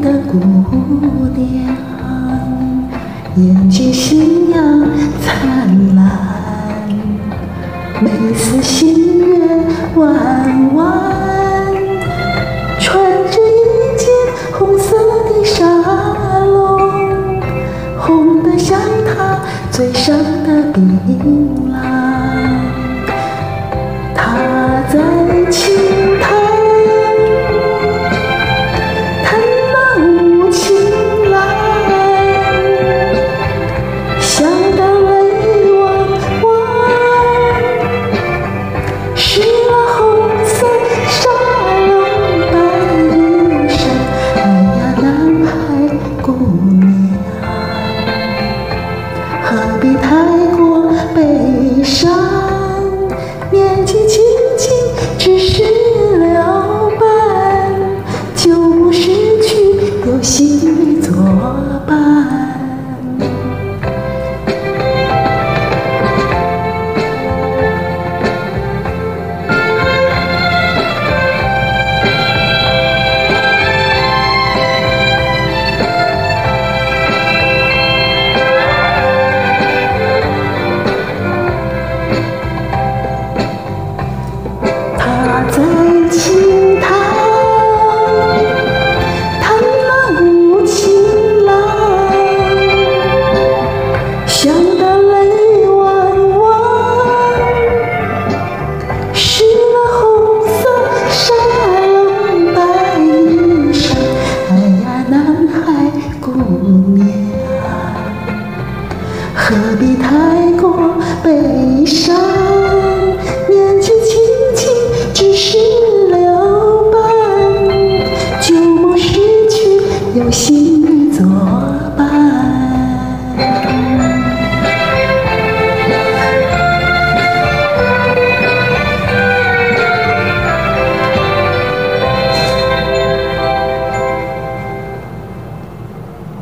的姑娘，眼睛星樣燦爛，眉似新月彎彎，穿着一件紅色的紗籠，紅得像她嘴上的檳榔。娘何必太過悲傷？